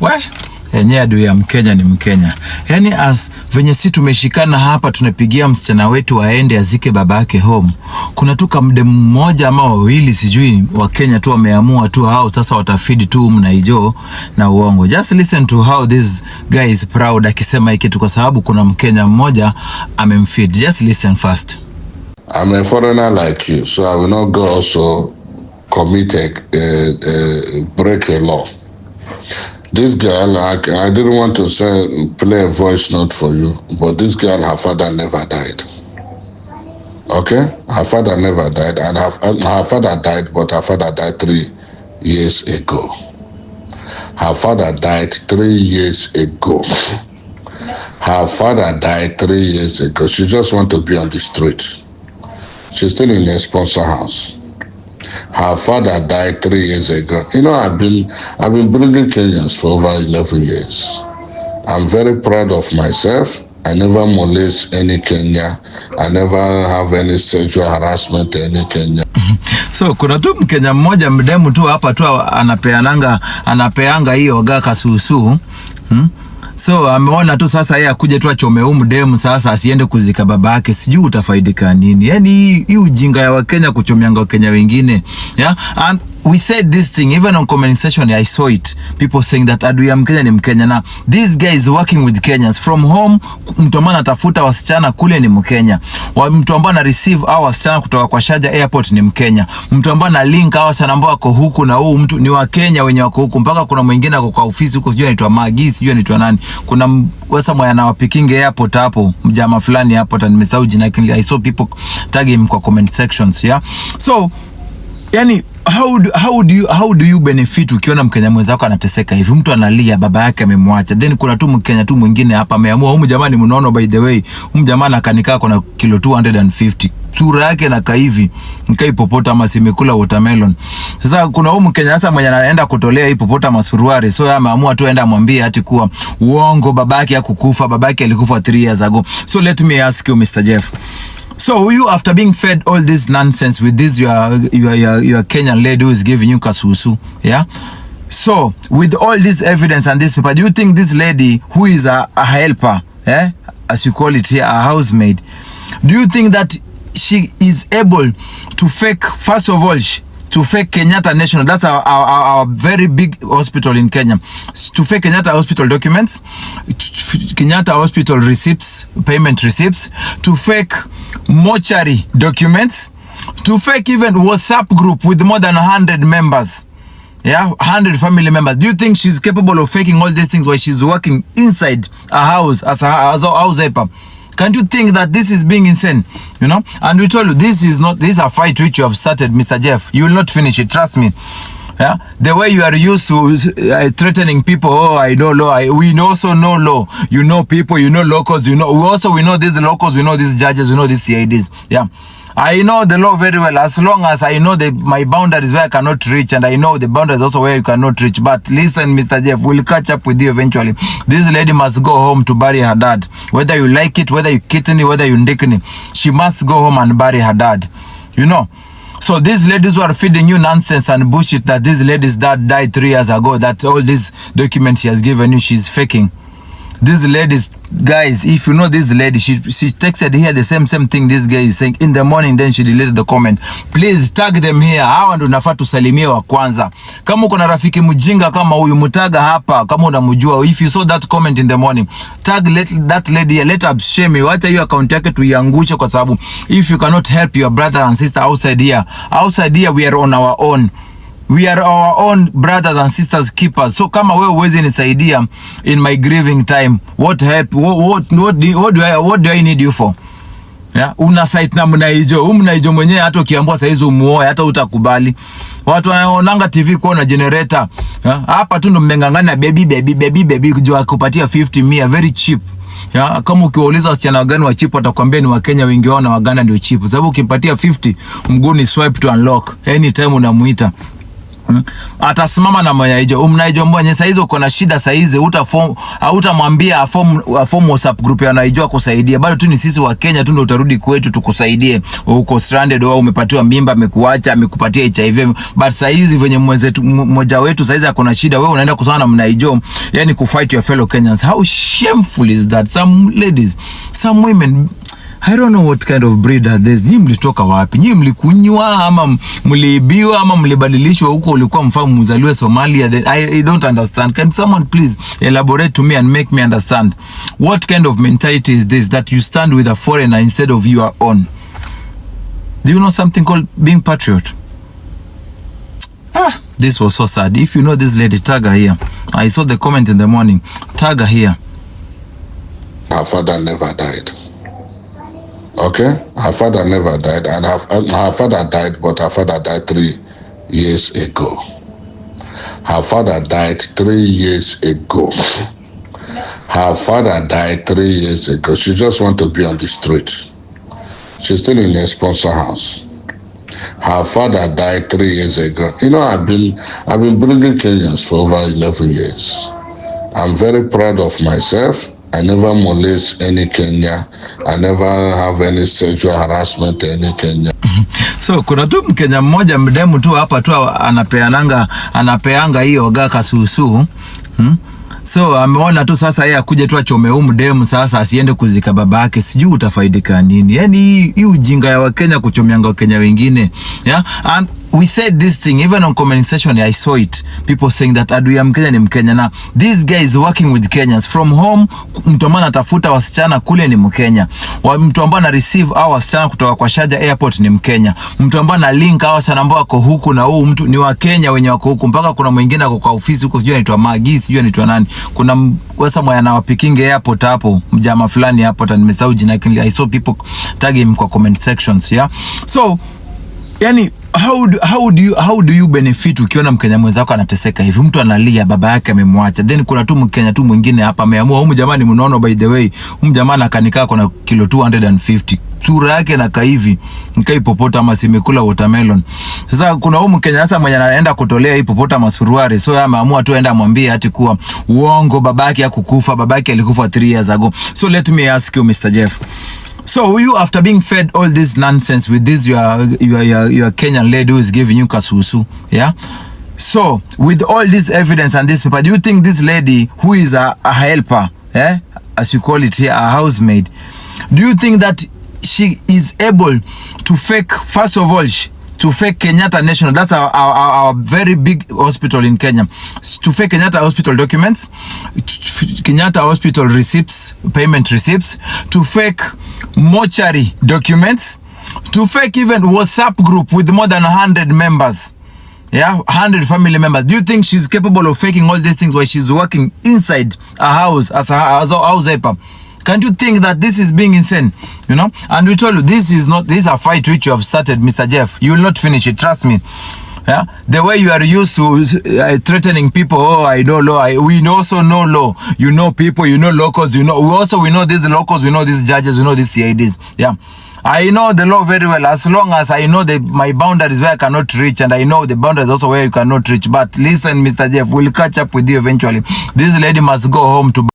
we yenyewe adui ya Mkenya ni Mkenya. Yaani as venye si tumeshikana hapa, tunapigia msichana wetu aende azike baba yake home. Kuna tu kamdemu mmoja ama wawili sijui wa Kenya tu wameamua tu hao sasa watafidi tu ijo na uongo. Just listen to how this guy is proud akisema hiki kitu kwa sababu kuna Mkenya mmoja amemfeed. Just listen first. I'm a foreigner like you, so I will not go also commit a, a, a break a law. this girl, I, I didn't want to say, play a voice note for you, but this girl, her father never died. Okay? Her father never died, and her, her father died, but her father died three years ago. Her father died three years ago. Her father died three years ago. She just want to be on the street. She's still in a sponsor house. Her father died three years ago. You know, I've been I've been bringing Kenyans for over eleven years. I'm very proud of myself. I never molest any Kenya. I never have any sexual harassment any Kenya. So kuna tu Mkenya mmoja mdemu tu hapa tu anapeananga anapeanga hiyo gaka susu Hmm? So ameona tu sasa yeye akuje tu achome humu demu sasa asiende kuzika baba yake. Sijui utafaidika nini? Yaani hii ujinga ya Wakenya kuchomeanga Wakenya wengine. Yeah? And we said this thing even on comment section I saw it people saying that adui ya Mkenya ni Mkenya na this guy is working with Kenyans from home. Mtu ambaye anatafuta wasichana kule ni Mkenya, mtu ambaye ana receive au wasichana kutoka kwa shaja airport ni Mkenya, mtu ambaye ana link au wasichana ambao wako huku na huu mtu ni wa Kenya wenye wako huku, mpaka kuna mwingine ako kwa ofisi huko, sijui anaitwa Magi, sijui anaitwa nani, kuna wasa na wapikinge airport hapo, mjama fulani hapo, ta nimesahau jina, lakini I saw people tag him kwa comment sections yeah so yani how do, how do you, how do you benefit ukiona Mkenya mwenzako anateseka hivi, mtu analia baba yake amemwacha, then kuna tu Mkenya tu mwingine hapa ameamua huyu jamani, mnaona by the way, huyu jamani akanikaa kuna kilo 250 sura yake na kaivi mkai popota ama simekula watermelon. Sasa kuna huyu Mkenya sasa mwenye anaenda kutolea hii popota masuruari, so yeye ameamua tu aenda amwambie hati kuwa uongo, babake hakukufa, babake alikufa 3 years ago. So let me ask you Mr Jeff So you after being fed all this nonsense with this your your your, your Kenyan lady who is giving you kasusu, yeah? So with all this evidence and this paper, do you think this lady who is a, a helper, eh, as you call it here, a housemaid, do you think that she is able to fake first of all she, to fake Kenyatta National, that's our, our, our very big hospital in Kenya, to fake Kenyatta Hospital documents, Kenyatta Hospital receipts, payment receipts, to fake mortuary documents to fake even WhatsApp group with more than 100 members. Yeah, 100 family members. Do you think she's capable of faking all these things while she's working inside a house as a, as a house helper? Can't you think that this is being insane? You know? And we told you, this is not, this is a fight which you have started, Mr. Jeff. You will not finish it, trust me. Yeah? The way you are used to uh, threatening people, oh, I know law. I, we also know law. You know people, you know locals, you know. We also, we know these locals, we know these judges, we know these CIDs. Yeah. I know the law very well. As long as I know the, my boundaries where I cannot reach, and I know the boundaries also where you cannot reach. But listen, Mr. Jeff, we'll catch up with you eventually. This lady must go home to bury her dad. Whether you like it, whether you kitten it, whether you dickney, she must go home and bury her dad. You know? So these ladies who are feeding you nonsense and bullshit that these ladies that died three years ago, that all these documents she has given you, she's faking. This lady, guys, if you know this lady, she she texted here the same same thing this guy is saying in the morning, then she deleted the comment. Please tag them here. Hawa ndio nafaa tusalimie wa kwanza. Kama uko na rafiki mjinga kama huyu, mtaga hapa kama unamjua. If you saw that comment in the morning, tag let, that lady Let up shame you. acha hiyo account yake tuiangushe, kwa sababu if you cannot help your brother and sister outside here, outside here we are on our own we are our own brothers and sisters keepers. So kama wewe uwezi nisaidia in my grieving time, what help, what, what, what, do I, what do I need you for? Ya, una site na mnaijo, huyu mnaijo mwenyewe hata ukiambiwa saa hizo muoe hata utakubali. Watu wanaonanga TV kwa na generator. yeah? Hapa tu ndo mmengangana baby baby baby baby kujua kupatia 50 mia very cheap. Ya, kama ukiwauliza wasichana wagani wa cheap watakwambia ni Wakenya wengi wao na Waganda ndio cheap. Sababu ukimpatia 50 mguu ni swipe to unlock. Anytime unamuita. Hmm? atasimama na manager umnaijua mwenye saizi uko na shida saizi, utaform hautamwambia aform aform WhatsApp group anaijua kusaidia, bado tu ni sisi wa Kenya tu ndio utarudi kwetu tukusaidie. Uko stranded au umepatiwa mimba, amekuacha, amekupatia HIV, but saizi venye mmoja wetu saizi akona shida, wewe unaenda kusana na mnaijo, yani kufight your fellow Kenyans. How shameful is that? Some ladies, some women I don't know what kind of breed are these. Nyi mlitoka wapi? Nyi mlikunywa ama mliibiwa ama mlibadilishwa huko ulikuwa mfamu mzaliwe Somalia? Then I, I don't understand. Can someone please elaborate to me and make me understand what kind of mentality is this that you stand with a foreigner instead of your own? Do you know something called being patriot? Ah, this was so sad. If you know this lady, tag her here. I saw the comment in the morning. Tag her here. Her father never died. Okay, her father never died, and her, her father died, but her father died three years ago. Her father died three years ago. Her father died three years ago. She just want to be on the street. She's still in a sponsor house. Her father died three years ago. You know, I've been I've been bringing Kenyans for over eleven years. I'm very proud of myself I never molest any Kenya. I never have any sexual harassment any Kenya. So kuna tu Mkenya mmoja mdemu tu hapa tu anapeananga anapeanga hiyo ga kasusu. Hmm? So ameona tu sasa yeye akuje tu achome huyu mdemu sasa asiende kuzika baba yake. Sijui utafaidika nini. Yaani hii ujinga ya Wakenya kuchomeanga Wakenya wengine. Yeah? And we said this thing even on comment section I saw it people saying that adui ya Mkenya ni Mkenya na this guy is working with Kenyans from home. Mtu ambaye anatafuta wasichana kule ni Mkenya, mtu ambaye ana receive au wasichana kutoka kwa shaja airport ni Mkenya, mtu ambaye ana link au wasichana ambao wako huku na huu mtu ni wa Kenya wenye wako huku, mpaka kuna mwingine ako kwa ofisi huko, sijui anaitwa Magi, sijui anaitwa nani, kuna wasa mwa anawapikinge airport hapo, mjama fulani hapo, nimesahau jina, lakini I saw people tag him kwa comment sections yeah so yani how do, how do you, how do you benefit ukiona Mkenya mwenzako anateseka hivi? Mtu analia baba yake amemwacha, then kuna tu Mkenya tu mwingine hapa ameamua huyu jamani, mnono by the way, huyu jamani akanikaa kuna kilo 250 sura yake na kaivi popota ama simekula watermelon. Sasa kuna huyu Mkenya sasa mwenye anaenda kutolea hii popota masuruari, so ameamua tu aenda amwambie ati kuwa uongo, babake hakukufa, babake alikufa 3 years ago. So let me ask you Mr Jeff So you after being fed all this nonsense with this your your your, your Kenyan lady who is giving you kasusu, yeah? So with all this evidence and this paper, do you think this lady who is a, a helper, eh, as you call it here, a housemaid, do you think that she is able to fake first of all she, to fake Kenyatta National, that's our, our, our very big hospital in Kenya, to fake Kenyatta Hospital documents, Kenyatta Hospital receipts, payment receipts, to fake mortuary documents, to fake even WhatsApp group with more than 100 members. Yeah, 100 family members. Do you think she's capable of faking all these things while she's working inside a house as a, as a house helper? Can't you think that this is being insane? You know? And we told you, this is not, this is a fight which you have started, Mr. Jeff. You will not finish it, trust me. Yeah? The way you are used to uh, threatening people, oh, I know law. I, we also know law. You know people, you know locals, you know. We also, we know these locals, we know these judges, we know these CIDs. Yeah. I know the law very well. As long as I know the my boundaries where I cannot reach, and I know the boundaries also where you cannot reach. But listen, Mr. Jeff, we'll catch up with you eventually. This lady must go home to.